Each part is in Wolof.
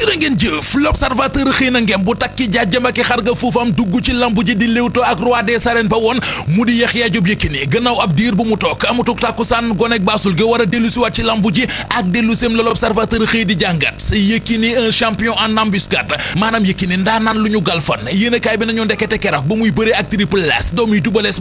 jërë ngeen jëf l'observateur xëy na ngeen bu takki jaajëm ak xar nga fuufam dugg ci lambu ji di léewtoo ak roi des arènes ba woon mu di Yaxya Jóob Yékini gannaaw ab diir bu mu toog amatuk tàkkusaan gonek baasul ga war a dellusiwaat ci lambu ji ak dellusim la l'observateur xëy di jàngat maanaam Yékini ndaanaan lu ñu galfan yéenekaay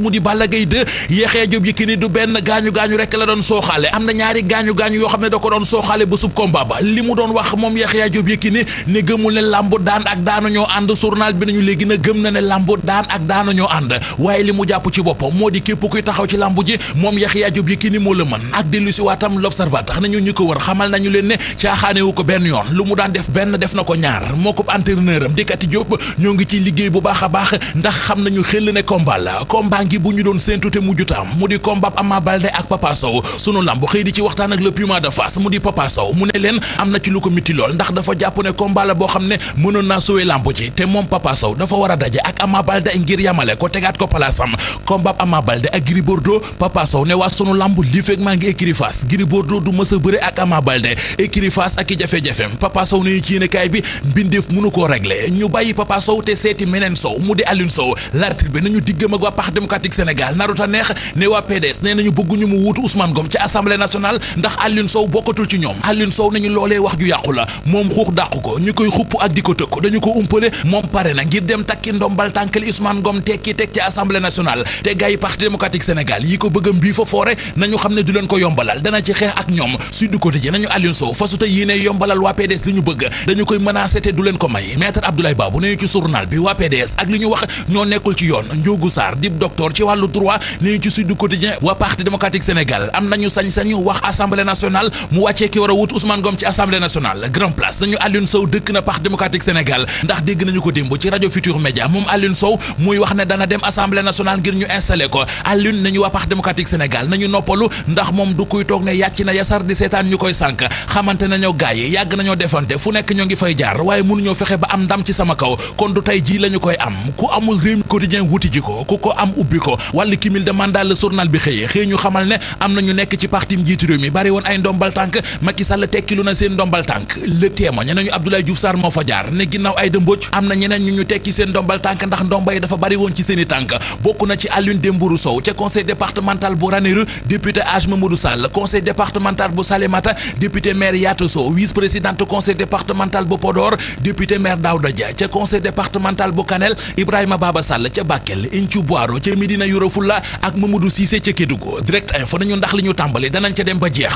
mu di Balla Gaye 2 Yaxya Jóob Yékini du benn gaañu-gaañu rek la doon sooxaale am na ñaari gaañu-gaañu yoo xam ne da ko doon sooxaale ba sub combat ba li mu doon wax moom Yaxya Jóob Yékini Yékini ne gëmul ne làmb daan ak daanu ñoo ànd journal bi nañu léegi na gëm na ne làmb daan ak daanu ñoo ànd waaye li mu jàpp ci boppam moo di képp kuy taxaw ci làmb ji moom yax Yaxya Jóob ni moo la mën ak dellu si waatam l'observateur nañu ñu ko wër xamal nañu leen ne caaxaanewu ko benn yoon lu mu daan def benn def na ko ñaar moo ko entraîneur am Dikati Diop ñoo ngi ciy liggéey bu baax a baax ndax xam nañu xel ne combat la ngi bu ñu doon séentu te mujj tam mu di combat Ama Baldé ak Papa Sow sunu làmb xëy di ci waxtaan ak le Puma de Fass mu di Papa Sow mu ne leen am na ci lu ko lool ndax jàpp ne combat la boo xam ne mënoon naa suwee lambu ci te moom Papa Sow dafa war a daje ak Ama Baldé ngir yamale ko tegaat ko palaasam combat Ama Baldé ak Gris Bordeaux Papa Sow ne waa sunu lambu lii fekk maa ngi écurie Fass Gris Bordeaux du mës a bëre ak Ama Baldé écurie Fass ak i jafe-jafeem Papa Sow ne ci yéenekaay bi mbindeef mënu koo régler ñu bàyyi Papa Sow te seeti meneen Sow mu di Alioune Sow l'article bi nañu diggam ak waa Parti démocratique Sénégal naruta neex ne waa PDS nee nañu bëgguñu mu wuutu Ousmane Ngom ci Assemblée nationale ndax Alioune Sow bokkatul ci ñoom Alioune Sow nañu loolee wax ju ko ñu koy xupp ak di ko tëkk dañu ko umpale moom pare na ngir dem takki ndombal tànkali Ousmane Ngom tekki teg ci assemblée nationale te gars parti démocratique Sénégal yi ko bëgg mbii fa foore nañu xam ne du leen ko yombalal dana ci xeex ak ñoom Sud Quotidien nañu Aliou Sow fasuta yéene yombalal waa PDS li ñu bëgg dañu koy menacé te du leen ko may maître Abdoulaye Babou nañu ci journal bi waa PDS ak li ñu wax ñoo nekkul ci yoon Ndiogou Sarr dib docteur a Alioune Sow dëkk na Parti démocratique Sénégal ndax dégg nañu ko démb ci rajo Futur Média moom Alioune Sow muy wax ne dana dem assemblée nationale ngir ñu installé ko Alioune nañu waa Parti démocratique Sénégal nañu noppalu ndax moom du kuy toog ne yàcc na yasar di seetaan ñu koy sànk xamante nañoo gars yàgg nañoo defante fu nekk ñoo ngi fay jaar waaye mënuñoo fexe ba am ndam ci sama kaw kon du tey jii la koy am ku amul réew mi quotidien wuti ko ku ko am ubbi ko wala kimil de mandat le bi xëyee nañu ne ginnaaw Aïda Mbodj am na ñeneen ñu ñu tekki seen ndombal tànk ndax ndomba dafa bari woon ci seen tànk bokk na ci Alioune Dembourou Sow ca conseil départemental bu Ranérou député maire Yatou Sow vice conseil départemental bu Podor député maire Daouda Dia ca conseil départemental bu Kanel Ibrahima Baba Sall ca Bakel Inthiou Boiro ca Médina Yoro Foulah ak Mamadou Cissé ca Kédougou direct info nañu ndax li ñu tàmbali danañ ca dem ba jeex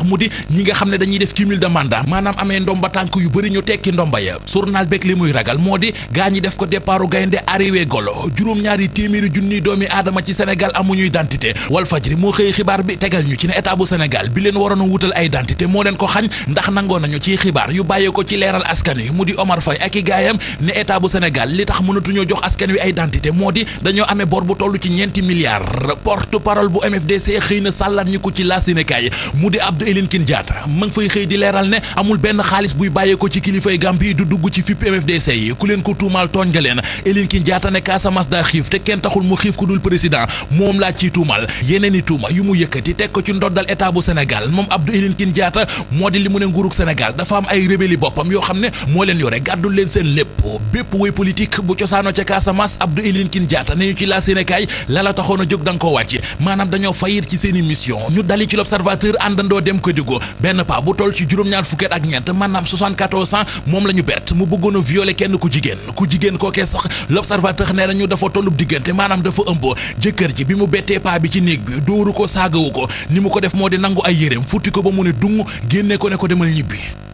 tekki ndomba ya journal beeg li muy ragal moo di gaa ñi def ko départu gaynde arrivé golo juróom-ñaari téeméeri junniy doomi aadama ci Sénégal amuñu identité wal fajri moo xëy xibaar bi tegal ñu ci ne état bu Sénégal bi leen waroon a wutal ay identité moo leen ko xañ ndax nangoo nañu ci xibaar yu ko ci leeral askan mu di Omar li tax mënatuñoo jox askan wi ay identité moo di dañoo amee bor bu toll ci ñeenti milliards porte parole bu MFDC xëy na sàllaat ñu ko ci laasinekaay mu di Abdou Elinkine Diatta ma fay xëy di leeral ne amul benn xaalis buy bàyyee ci kilifa kilifay Gambie du dugg ci fipp MFDC yi ku leen ko tuumaal tooñ nga leen Elinkine Diatta ne Casamance daa xiif te kenn taxul mu xiif ku dul président moom laa ciy tuumal yeneen i tuuma yu mu yëkkati teg ko ci ndoddal état bu Sénégal moom Abdou Elinkine Diatta moo di li mu ne nguurug Sénégal dafa am ay rébelli boppam yoo xam ne moo leen yore gàddul leen seen lépp bépp woy politique bu cosaano ca Casamance Abdou Elinkine Diatta ne ñu ci laa Sénégal la la da nga koo wàcc maanaam dañoo i moom la ñu bett mu bëggoon a violer kenn ku jigéen ku jigéen kookee sax l'observateur nee na ñu dafa tollub diggante maanaam dafa ëmb jëkkër ji bi mu bettee paa bi ci néeg bi dóoru ko saagawu ko ni mu ko def moo di nangu ay yéreem futti ko ba mu ne dung génne ko ne ko demal ñibbi